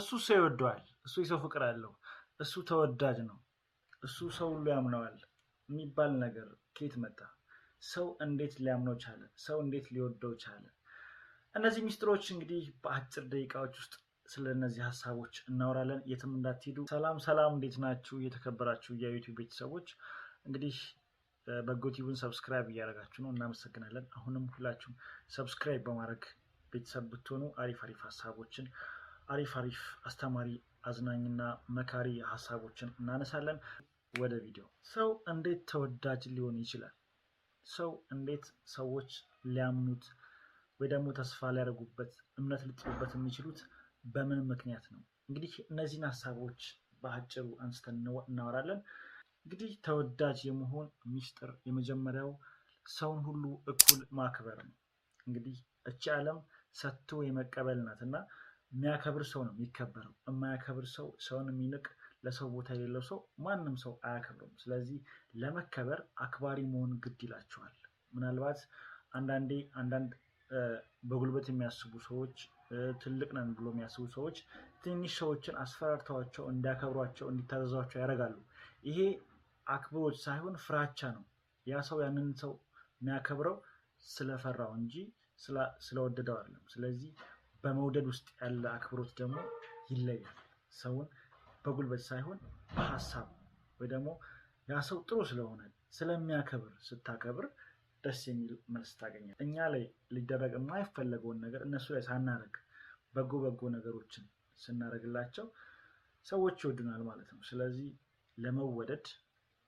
እሱ ሰው ይወደዋል። እሱ የሰው ፍቅር አለው። እሱ ተወዳጅ ነው። እሱ ሰው ሁሉ ያምነዋል የሚባል ነገር ከየት መጣ? ሰው እንዴት ሊያምነው ቻለ? ሰው እንዴት ሊወደው ቻለ? እነዚህ ሚስጥሮች እንግዲህ በአጭር ደቂቃዎች ውስጥ ስለ እነዚህ ሀሳቦች እናወራለን። የትም እንዳትሄዱ። ሰላም ሰላም፣ እንዴት ናችሁ? እየተከበራችሁ የዩቲዩብ ቤተሰቦች እንግዲህ በጎቲቡን ሰብስክራይብ እያደረጋችሁ ነው፣ እናመሰግናለን። አሁንም ሁላችሁም ሰብስክራይብ በማድረግ ቤተሰብ ብትሆኑ አሪፍ አሪፍ ሀሳቦችን አሪፍ አሪፍ አስተማሪ አዝናኝና መካሪ ሀሳቦችን እናነሳለን። ወደ ቪዲዮ። ሰው እንዴት ተወዳጅ ሊሆን ይችላል? ሰው እንዴት ሰዎች ሊያምኑት ወይ ደግሞ ተስፋ ሊያደርጉበት እምነት ሊጥሉበት የሚችሉት በምን ምክንያት ነው? እንግዲህ እነዚህን ሀሳቦች በአጭሩ አንስተን እናወራለን። እንግዲህ ተወዳጅ የመሆን ሚስጥር የመጀመሪያው ሰውን ሁሉ እኩል ማክበር ነው። እንግዲህ እቺ ዓለም ሰጥቶ የመቀበል ናት እና የሚያከብር ሰው ነው የሚከበረው። የማያከብር ሰው፣ ሰውን የሚንቅ፣ ለሰው ቦታ የሌለው ሰው ማንም ሰው አያከብርም። ስለዚህ ለመከበር አክባሪ መሆን ግድ ይላቸዋል። ምናልባት አንዳንዴ አንዳንድ በጉልበት የሚያስቡ ሰዎች ትልቅ ነን ብሎ የሚያስቡ ሰዎች ትንሽ ሰዎችን አስፈራርተዋቸው እንዲያከብሯቸው እንዲታዘዟቸው ያደርጋሉ። ይሄ አክብሮት ሳይሆን ፍራቻ ነው። ያ ሰው ያንን ሰው የሚያከብረው ስለፈራው እንጂ ስለወደደው አይደለም። ስለዚህ በመውደድ ውስጥ ያለ አክብሮት ደግሞ ይለያል። ሰውን በጉልበት ሳይሆን በሀሳብ ወይ ደግሞ ያ ሰው ጥሩ ስለሆነ ስለሚያከብር ስታከብር ደስ የሚል መልስ ታገኛል። እኛ ላይ ሊደረግ የማይፈለገውን ነገር እነሱ ላይ ሳናረግ በጎ በጎ ነገሮችን ስናደርግላቸው ሰዎች ይወዱናል ማለት ነው። ስለዚህ ለመወደድ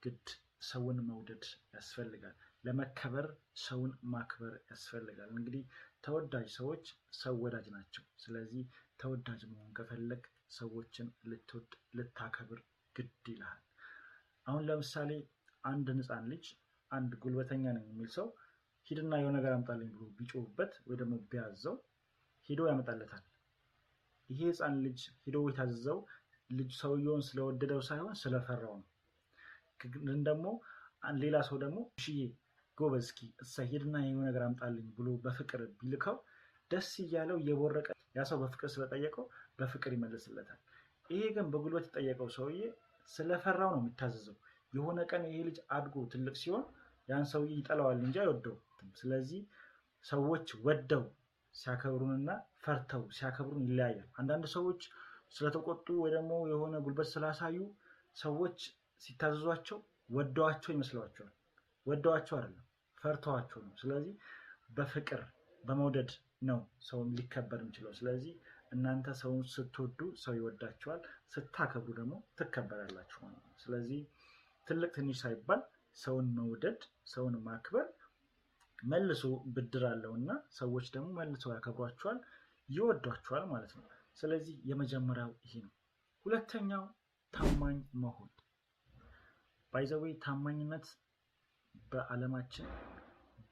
ግድ ሰውን መውደድ ያስፈልጋል። ለመከበር ሰውን ማክበር ያስፈልጋል። እንግዲህ ተወዳጅ ሰዎች ሰው ወዳጅ ናቸው። ስለዚህ ተወዳጅ መሆን ከፈለግ ሰዎችን ልትወድ ልታከብር ግድ ይልሃል። አሁን ለምሳሌ አንድን ህፃን ልጅ አንድ ጉልበተኛ ነኝ የሚል ሰው ሂድና የሆነ ነገር አምጣልኝ ብሎ ቢጮህበት ወይ ደግሞ ቢያዘው ሂዶ ያመጣለታል። ይሄ ሕፃን ልጅ ሂዶ የታዘዘው ልጅ ሰውየውን ስለወደደው ሳይሆን ስለፈራው ነው። ግን ደግሞ ሌላ ሰው ደግሞ ሽዬ ጎበዝኪ ሰሂድና የሆነ ነገር አምጣልኝ ብሎ በፍቅር ቢልከው ደስ እያለው የቦረቀ ያ ሰው በፍቅር ስለጠየቀው በፍቅር ይመልስለታል። ይሄ ግን በጉልበት የጠየቀው ሰውዬ ስለፈራው ነው የሚታዘዘው። የሆነ ቀን ይሄ ልጅ አድጎ ትልቅ ሲሆን ያን ሰውዬ ይጠላዋል እንጂ አይወደውም። ስለዚህ ሰዎች ወደው ሲያከብሩንና ፈርተው ሲያከብሩን ይለያያል። አንዳንድ ሰዎች ስለተቆጡ ወይ ደግሞ የሆነ ጉልበት ስላሳዩ ሰዎች ሲታዘዟቸው ወደዋቸው ይመስሏቸዋል። ወደዋቸው አይደለም። ፈርተዋቸው ነው። ስለዚህ በፍቅር በመውደድ ነው ሰው ሊከበር የሚችለው። ስለዚህ እናንተ ሰውን ስትወዱ ሰው ይወዳቸዋል፣ ስታከብሩ ደግሞ ትከበራላችሁ ነው። ስለዚህ ትልቅ ትንሽ ሳይባል ሰውን መውደድ፣ ሰውን ማክበር መልሶ ብድር አለው እና ሰዎች ደግሞ መልሰው ያከብሯቸዋል፣ ይወዷቸዋል ማለት ነው። ስለዚህ የመጀመሪያው ይሄ ነው። ሁለተኛው ታማኝ መሆን ባይዘዌ ታማኝነት በዓለማችን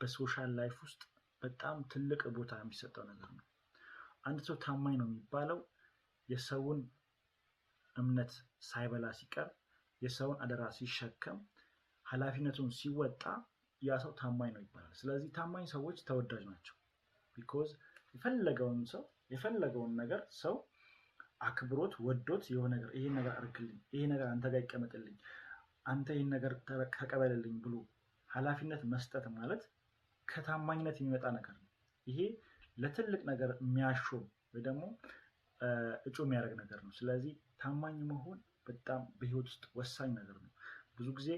በሶሻል ላይፍ ውስጥ በጣም ትልቅ ቦታ የሚሰጠው ነገር ነው። አንድ ሰው ታማኝ ነው የሚባለው የሰውን እምነት ሳይበላ ሲቀር፣ የሰውን አደራ ሲሸከም፣ ኃላፊነቱን ሲወጣ ያ ሰው ታማኝ ነው ይባላል። ስለዚህ ታማኝ ሰዎች ተወዳጅ ናቸው። ቢኮዝ የፈለገውን ሰው የፈለገውን ነገር ሰው አክብሮት ወዶት የሆነ ነገር ይሄን ነገር አድርግልኝ፣ ይሄ ነገር አንተ ጋር ይቀመጥልኝ፣ አንተ ይህን ነገር ተቀበልልኝ ብሎ ኃላፊነት መስጠት ማለት ከታማኝነት የሚመጣ ነገር ነው። ይሄ ለትልቅ ነገር የሚያሾም ወይ ደግሞ እጩ የሚያደርግ ነገር ነው። ስለዚህ ታማኝ መሆን በጣም በህይወት ውስጥ ወሳኝ ነገር ነው። ብዙ ጊዜ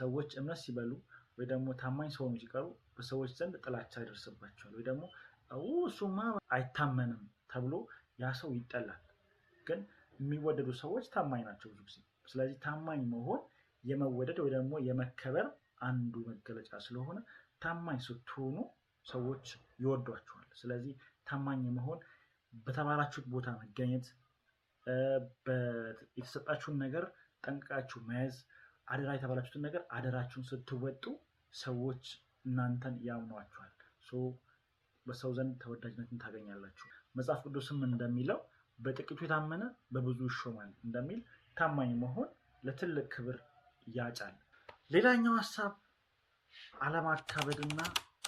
ሰዎች እምነት ሲበሉ ወይ ደግሞ ታማኝ ሰሆኑ ሲቀሩ በሰዎች ዘንድ ጥላቻ ይደርስባቸዋል። ወይ ደግሞ እሱማ አይታመንም ተብሎ ያ ሰው ይጠላል። ግን የሚወደዱ ሰዎች ታማኝ ናቸው ብዙ ጊዜ። ስለዚህ ታማኝ መሆን የመወደድ ወይ ደግሞ የመከበር አንዱ መገለጫ ስለሆነ ታማኝ ስትሆኑ ሰዎች ይወዷችኋል። ስለዚህ ታማኝ መሆን በተባላችሁት ቦታ መገኘት፣ የተሰጣችሁን ነገር ጠንቅቃችሁ መያዝ፣ አደራ የተባላችሁትን ነገር አደራችሁን ስትወጡ ሰዎች እናንተን ያምኗችኋል። በሰው ዘንድ ተወዳጅነትን ታገኛላችሁ። መጽሐፍ ቅዱስም እንደሚለው በጥቂቱ የታመነ በብዙ ይሾማል እንደሚል ታማኝ መሆን ለትልቅ ክብር ያጫል። ሌላኛው ሀሳብ አለማካበድና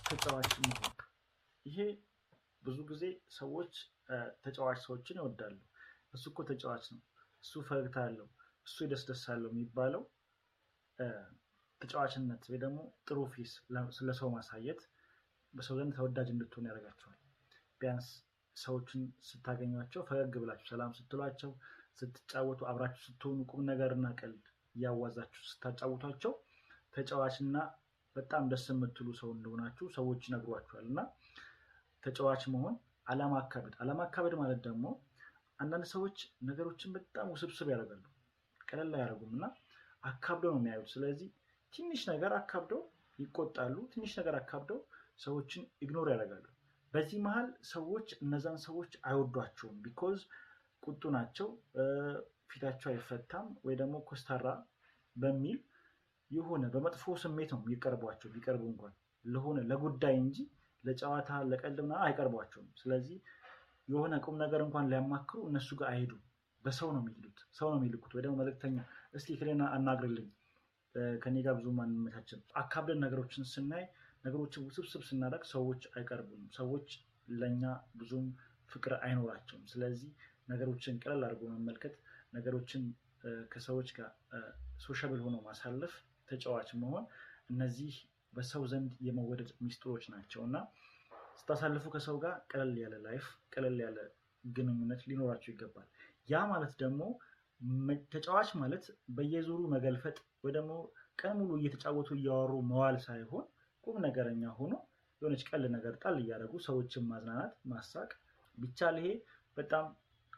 ተጫዋች መሆን። ይሄ ብዙ ጊዜ ሰዎች ተጫዋች ሰዎችን ይወዳሉ። እሱ እኮ ተጫዋች ነው፣ እሱ ፈገግታ አለው፣ እሱ ይደስደስ አለው የሚባለው ተጫዋችነት ወይ ደግሞ ጥሩ ፊስ ስለ ሰው ማሳየት በሰው ዘንድ ተወዳጅ እንድትሆን ያደርጋቸዋል። ቢያንስ ሰዎችን ስታገኟቸው ፈገግ ብላችሁ ሰላም ስትሏቸው፣ ስትጫወቱ፣ አብራችሁ ስትሆኑ ቁም ነገርና ቀልድ እያዋዛችሁ ስታጫውቷቸው ተጫዋችና በጣም ደስ የምትሉ ሰው እንደሆናችሁ ሰዎች ይነግሯችኋል። እና ተጫዋች መሆን አለማካበድ አለማካበድ ማለት ደግሞ አንዳንድ ሰዎች ነገሮችን በጣም ውስብስብ ያደርጋሉ፣ ቀለል አያደርጉም እና አካብደው ነው የሚያዩት። ስለዚህ ትንሽ ነገር አካብደው ይቆጣሉ፣ ትንሽ ነገር አካብደው ሰዎችን ኢግኖር ያደርጋሉ። በዚህ መሀል ሰዎች እነዛን ሰዎች አይወዷቸውም። ቢኮዝ ቁጡ ናቸው። ፊታቸው አይፈታም ወይ ደግሞ ኮስታራ በሚል የሆነ በመጥፎ ስሜት ነው የሚቀርቧቸው። ቢቀርቡ እንኳን ለሆነ ለጉዳይ እንጂ ለጨዋታ ለቀልድ ምናምን አይቀርቧቸውም። ስለዚህ የሆነ ቁም ነገር እንኳን ሊያማክሩ እነሱ ጋር አይሄዱም። በሰው ነው የሚሄዱት፣ ሰው ነው የሚልኩት። ወይ ደግሞ መልእክተኛ እስኪ ክሌና አናግርልኝ ከኔ ጋር ብዙ ማንመቻችን። አካብደን ነገሮችን ስናይ ነገሮችን ውስብስብ ስናደርግ ሰዎች አይቀርቡም። ሰዎች ለእኛ ብዙም ፍቅር አይኖራቸውም። ስለዚህ ነገሮችን ቀለል አድርጎ መመልከት ነገሮችን ከሰዎች ጋር ሶሻብል ሆኖ ማሳለፍ፣ ተጫዋች መሆን እነዚህ በሰው ዘንድ የመወደድ ሚስጥሮች ናቸው እና ስታሳልፉ ከሰው ጋር ቀለል ያለ ላይፍ ቀለል ያለ ግንኙነት ሊኖራቸው ይገባል። ያ ማለት ደግሞ ተጫዋች ማለት በየዙሩ መገልፈጥ ወይ ደግሞ ቀን ሙሉ እየተጫወቱ እያወሩ መዋል ሳይሆን ቁም ነገረኛ ሆኖ የሆነች ቀል ነገር ጣል እያደረጉ ሰዎችን ማዝናናት ማሳቅ ቢቻል ይሄ በጣም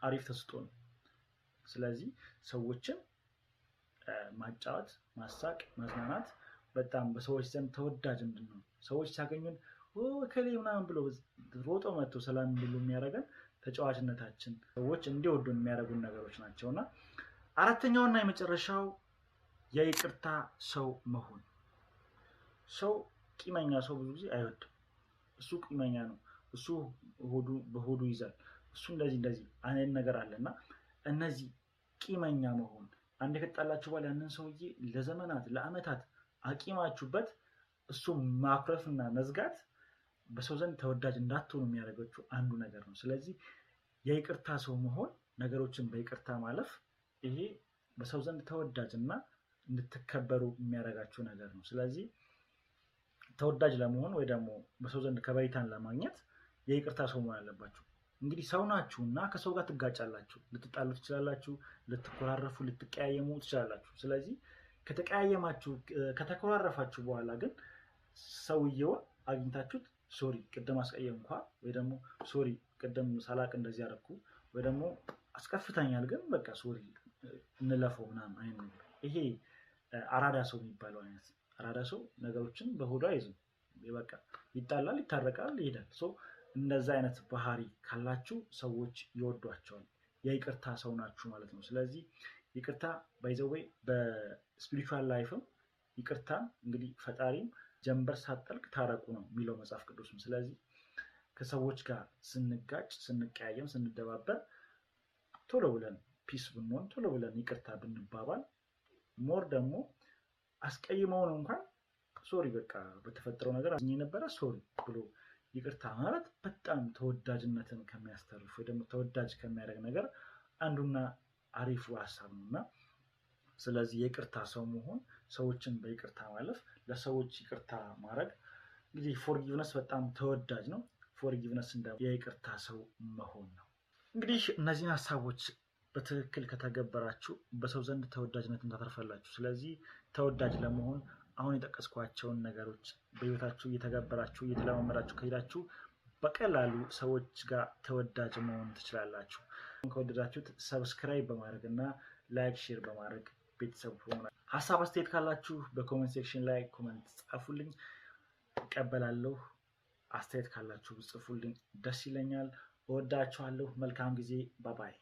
አሪፍ ተስጦ ነው። ስለዚህ ሰዎችን ማጫወት፣ ማሳቅ፣ ማዝናናት በጣም በሰዎች ዘንድ ተወዳጅ እንድንሆን ሰዎች ሲያገኙን ከሌ ምናምን ብሎ ሮጦ መጥቶ ሰላም እንዲሉ የሚያደርገን ተጫዋችነታችን ሰዎች እንዲወዱን የሚያደርጉን ነገሮች ናቸው እና አራተኛውና የመጨረሻው የይቅርታ ሰው መሆን። ሰው ቂመኛ ሰው ብዙ ጊዜ አይወድም። እሱ ቂመኛ ነው፣ እሱ በሆዱ ይዛል፣ እሱ እንደዚህ እንደዚህ አይነት ነገር አለ እና እነዚህ ቂመኛ መሆን አንድ ከጣላችሁ በኋላ ያንን ሰውዬ ለዘመናት ለአመታት አቂማችሁበት እሱ ማኩረፍና መዝጋት በሰው ዘንድ ተወዳጅ እንዳትሆኑ የሚያደርጋችሁ አንዱ ነገር ነው። ስለዚህ የይቅርታ ሰው መሆን፣ ነገሮችን በይቅርታ ማለፍ፣ ይሄ በሰው ዘንድ ተወዳጅና እንድትከበሩ የሚያደርጋችሁ ነገር ነው። ስለዚህ ተወዳጅ ለመሆን ወይ ደግሞ በሰው ዘንድ ከበሬታን ለማግኘት የይቅርታ ሰው መሆን አለባችሁ። እንግዲህ ሰው ናችሁ እና ከሰው ጋር ትጋጫላችሁ። ልትጣሉ ትችላላችሁ። ልትኮራረፉ፣ ልትቀያየሙ ትችላላችሁ። ስለዚህ ከተቀያየማችሁ፣ ከተኮራረፋችሁ በኋላ ግን ሰውየውን አግኝታችሁት ሶሪ ቅድም አስቀየም እንኳ ወይ ደግሞ ሶሪ ቅድም ሳላቅ እንደዚህ ያደረኩ ወይ ደግሞ አስከፍተኛል ግን በቃ ሶሪ እንለፈው ምናምን አይነት ይሄ አራዳ ሰው የሚባለው አይነት አራዳ ሰው ነገሮችን በሆዷ አይዝም። በቃ ይጣላል፣ ይታረቃል፣ ይሄዳል። እንደዛ አይነት ባህሪ ካላችሁ ሰዎች ይወዷቸዋል። የይቅርታ ሰው ናችሁ ማለት ነው። ስለዚህ ይቅርታ ባይዘዌ በስፒሪቹዋል ላይፍም ይቅርታ እንግዲህ ፈጣሪም ጀንበር ሳጠልቅ ታረቁ ነው የሚለው መጽሐፍ ቅዱስም። ስለዚህ ከሰዎች ጋር ስንጋጭ፣ ስንቀያየም፣ ስንደባበር ቶሎ ብለን ፒስ ብንሆን ቶሎ ብለን ይቅርታ ብንባባል ሞር ደግሞ አስቀይመውን እንኳን ሶሪ በቃ በተፈጠረው ነገር አዝኜ ነበረ ሶሪ ብሎ ይቅርታ ማለት በጣም ተወዳጅነትን ከሚያስተርፍ ወይ ደግሞ ተወዳጅ ከሚያደርግ ነገር አንዱና አሪፉ ሀሳብ ነው እና ስለዚህ የቅርታ ሰው መሆን፣ ሰዎችን በይቅርታ ማለፍ፣ ለሰዎች ይቅርታ ማድረግ እንግዲህ ፎርጊቭነስ በጣም ተወዳጅ ነው። ፎርጊቭነስ እንደ የይቅርታ ሰው መሆን ነው። እንግዲህ እነዚህን ሀሳቦች በትክክል ከተገበራችሁ በሰው ዘንድ ተወዳጅነትን ታተርፋላችሁ። ስለዚህ ተወዳጅ ለመሆን አሁን የጠቀስኳቸውን ነገሮች በህይወታችሁ እየተገበራችሁ እየተለማመዳችሁ ከሄዳችሁ በቀላሉ ሰዎች ጋር ተወዳጅ መሆን ትችላላችሁ። ከወደዳችሁት ሰብስክራይብ በማድረግ እና ላይክ፣ ሼር በማድረግ ቤተሰብ ሆና ሀሳብ አስተያየት ካላችሁ በኮመንት ሴክሽን ላይ ኮመንት ጻፉልኝ፣ እቀበላለሁ። አስተያየት ካላችሁ ጽፉልኝ፣ ደስ ይለኛል። እወዳችኋለሁ። መልካም ጊዜ። ባባይ